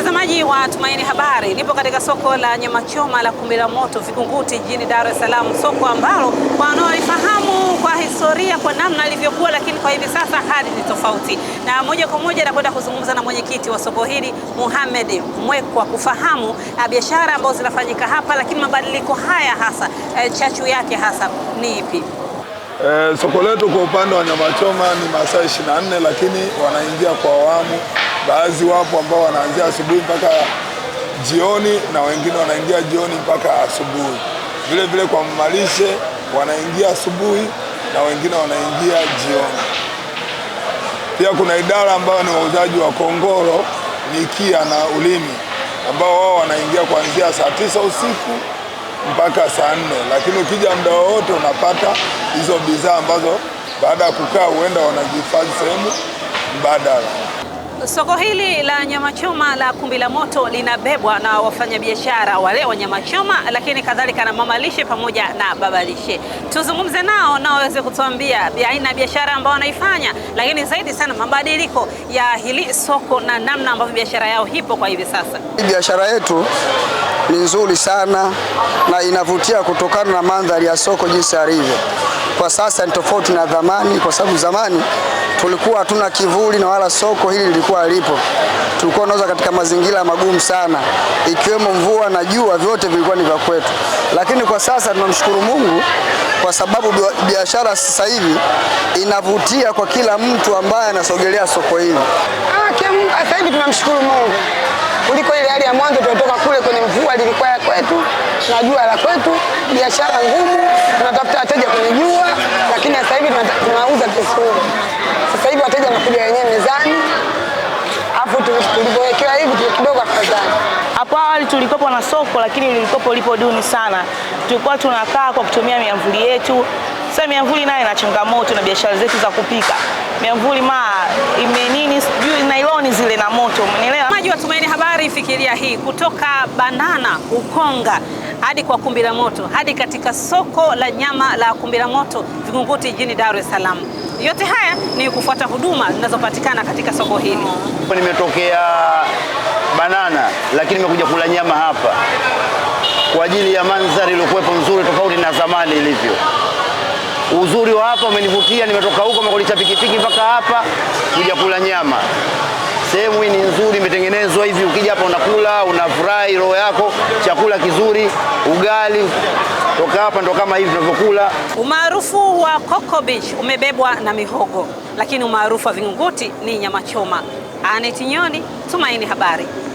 Mtazamaji wa Tumaini Habari, nipo katika soko la nyama choma la Kumi la Moto vikunguti jijini Dar es Salaam, soko ambalo kwa wanaolifahamu kwa historia, kwa namna ilivyokuwa, lakini kwa hivi sasa hali ni tofauti, na moja kwa moja nakwenda kuzungumza na mwenyekiti wa soko hili Mohamed Mwekwa kufahamu eh, biashara ambazo zinafanyika hapa, lakini mabadiliko haya hasa e, chachu yake hasa ni ipi? E, soko letu kwa upande wa nyama choma ni masaa 24 lakini wanaingia kwa awamu Baadhi wapo ambao wanaanzia asubuhi mpaka jioni na wengine wanaingia jioni mpaka asubuhi. Vile vile kwa mamalishe wanaingia asubuhi na wengine wanaingia jioni. Pia kuna idara ambayo ni wauzaji wa kongoro, mikia na ulimi ambao wao wanaingia kuanzia saa tisa usiku mpaka saa nne, lakini ukija muda wowote unapata hizo bidhaa ambazo baada ya kukaa huenda wanazihifadhi sehemu mbadala. Soko hili la nyama choma la Kumbi la Moto linabebwa na wafanyabiashara wale wa nyama choma, lakini kadhalika na mama lishe pamoja na baba lishe. Tuzungumze nao na waweze kutuambia aina ya biashara ambayo wanaifanya, lakini zaidi sana mabadiliko ya hili soko na namna ambavyo biashara yao hipo kwa hivi sasa. Biashara yetu ni nzuri sana na inavutia kutokana na mandhari ya soko jinsi alivyo kwa sasa ni tofauti na zamani, kwa sababu zamani tulikuwa hatuna kivuli na wala soko hili lilikuwa halipo. Tulikuwa tunauza katika mazingira magumu sana, ikiwemo mvua na jua, vyote vilikuwa ni vya kwetu. Lakini kwa sasa tunamshukuru Mungu kwa sababu biashara sasa hivi inavutia kwa kila mtu ambaye anasogelea soko hili. Ah, sasa hivi tunamshukuru Mungu kuliko ile hali ya mwanzo tulitoka kule kwenye mvua lilikuwa ya kwetu na jua la kwetu, biashara ngumu, tunatafuta wateja kwenye jua vizuri. Sasa hivi wateja wanakuja wenyewe mezani, afu tulivyowekewa hivi kidogo afadhali. Hapo awali tulikopo na soko, lakini lilikopo lipo duni sana. Tulikuwa tunakaa kwa kutumia miamvuli yetu. Sasa miamvuli nayo ina changamoto na biashara zetu za kupika miamvuli ma nini sijui nailoni zile na moto, umeelewa? Maji wa Tumaini Habari, fikiria hii kutoka Bandana Ukonga hadi kwa Kumbila Moto hadi katika soko la nyama la Kumbila Moto Vingunguti jijini Dar es Salaam. Yote haya ni kufuata huduma zinazopatikana katika soko hili. Nimetokea Banana, lakini nimekuja kula nyama hapa kwa ajili ya mandhari iliyokuwepo nzuri, tofauti na zamani ilivyo. Uzuri wa hapa umenivutia, nimetoka huko makulicha pikipiki mpaka hapa kuja kula nyama. Sehemu hii ni nzuri, imetengenezwa hivi, ukija hapa unakula, unafurahi roho yako, chakula kizuri, ugali toka hapa ndo kama hivi tunavyokula. Umaarufu wa Coco Beach umebebwa na mihogo, lakini umaarufu wa Vingunguti ni nyama choma. Aneti Nyoni, Tumaini Habari.